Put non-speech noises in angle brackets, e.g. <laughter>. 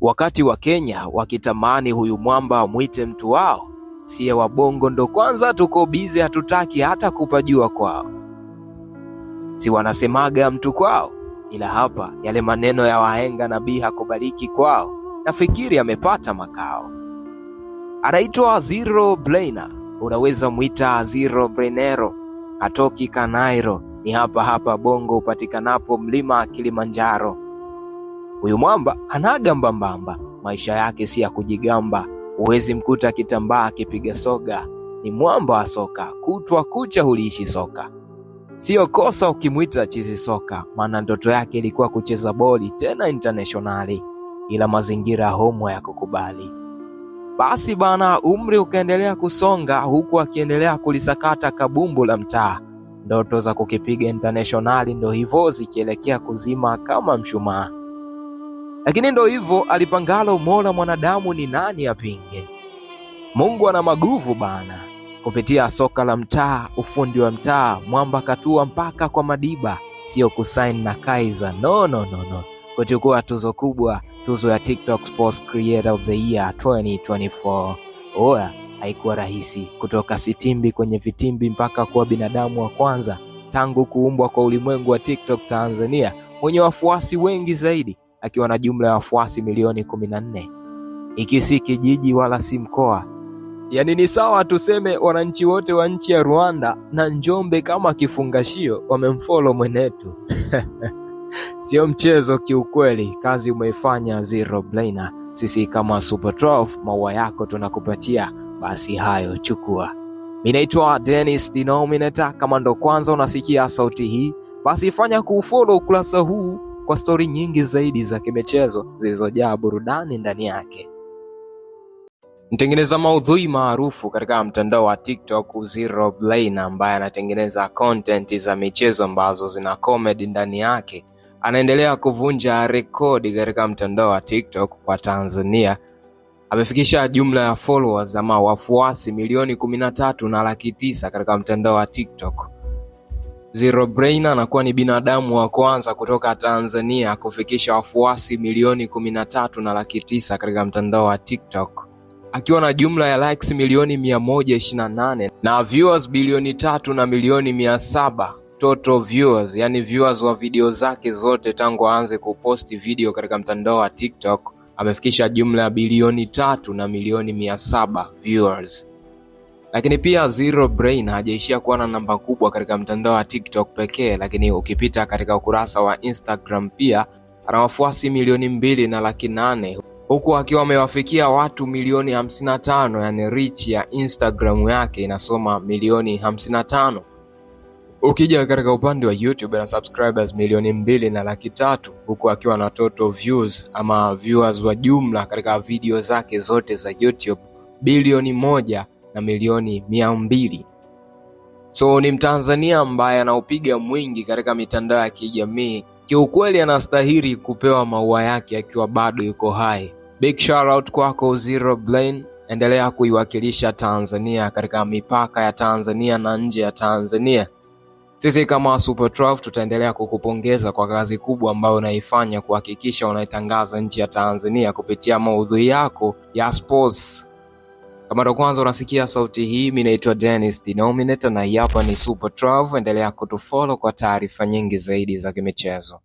Wakati wa kenya wakitamani huyu mwamba wamwite mtu wao, siye wabongo ndo kwanza tuko bize, hatutaki hata kupajua kwao. Si wanasemaga mtu kwao, ila hapa yale maneno ya wahenga, nabii hakubaliki kwao. Nafikiri amepata makao, anaitwa Zero Brainer, unaweza mwita Zero Brainero, atoki Kanairo, ni hapa hapa Bongo upatikanapo mlima Kilimanjaro. Huyu mwamba hanaga mbambamba, maisha yake si ya kujigamba. Huwezi mkuta akitambaa akipiga soga, ni mwamba wa soka, kutwa kucha huliishi soka. Siyo kosa ukimwita chizi soka, maana ndoto yake ilikuwa kucheza boli tena internationali, ila mazingira homo ya kukubali. Basi bana, umri ukaendelea kusonga, huku akiendelea kulisakata kabumbu la mtaa. Ndoto za kukipiga internationali ndo hivyo zikielekea kuzima kama mshumaa. Lakini ndo hivyo alipangalo Mola mwanadamu ni nani apinge? Mungu ana maguvu bana. Kupitia soka la mtaa, ufundi wa mtaa, mwamba katua mpaka kwa Madiba, sio kusaini na Kaiza. No, no, no, no, kuchukua tuzo kubwa, tuzo ya TikTok Sports Creator of the Year 2024. Oya, haikuwa rahisi kutoka sitimbi kwenye vitimbi mpaka kuwa binadamu wa kwanza tangu kuumbwa kwa ulimwengu wa TikTok Tanzania mwenye wafuasi wengi zaidi akiwa na jumla ya wafuasi milioni kumi na nne si kijiji wala si mkoa. Yaani ni sawa tuseme wananchi wote wa nchi ya Rwanda na Njombe kama kifungashio wamemfolo mwenetu <laughs> sio mchezo kiukweli. Kazi umeifanya Zero Brainer. Sisi kama Super 12 maua yako tunakupatia. Basi hayo chukua. Mimi naitwa Dennis Denominator. Kama ndo kwanza unasikia sauti hii, basi fanya kuufollow ukurasa huu kwa stori nyingi zaidi za kimichezo zilizojaa burudani ndani yake. Mtengeneza maudhui maarufu katika mtandao wa TikTok Zero Blaine, ambaye anatengeneza kontenti za michezo ambazo zina comedy ndani yake, anaendelea kuvunja rekodi katika mtandao wa TikTok kwa Tanzania. Amefikisha jumla ya followers ama wafuasi milioni kumi na tatu na laki tisa katika mtandao wa TikTok. Brain anakuwa ni binadamu wa kwanza kutoka Tanzania kufikisha wafuasi milioni 13 na na laki tisa katika mtandao wa TikTok akiwa na jumla ya likes milioni 128 na viewers bilioni tatu na milioni mia saba total viewers, yani viewers wa video zake zote tangu aanze kuposti video katika mtandao wa TikTok amefikisha jumla ya bilioni tatu na milioni mia saba viewers. Lakini pia Zero Brain hajaishia kuwa na namba kubwa katika mtandao wa TikTok pekee, lakini ukipita katika ukurasa wa Instagram pia ana wafuasi milioni mbili na laki nane huku akiwa amewafikia watu milioni 55, yani reach ya Instagram yake inasoma milioni 55. Ukija katika upande wa YouTube na subscribers milioni mbili na laki tatu huku akiwa na total views ama viewers wa jumla katika video zake zote za YouTube bilioni moja na milioni mia mbili. So ni Mtanzania ambaye anaupiga mwingi katika mitandao ya kijamii. Kiukweli anastahili kupewa maua yake akiwa bado yuko hai. Big shout out kwako Zero Blaine, endelea kuiwakilisha Tanzania katika mipaka ya Tanzania na nje ya Tanzania. Sisi kama Super Trove tutaendelea kukupongeza kwa kazi kubwa ambayo unaifanya kuhakikisha unaitangaza nchi ya Tanzania kupitia maudhui yako ya sports. Kama ndo kwanza unasikia sauti hii, mi naitwa Dennis Denominator na hii hapa ni Super Trove. Endelea kutufollow kwa taarifa nyingi zaidi za kimichezo.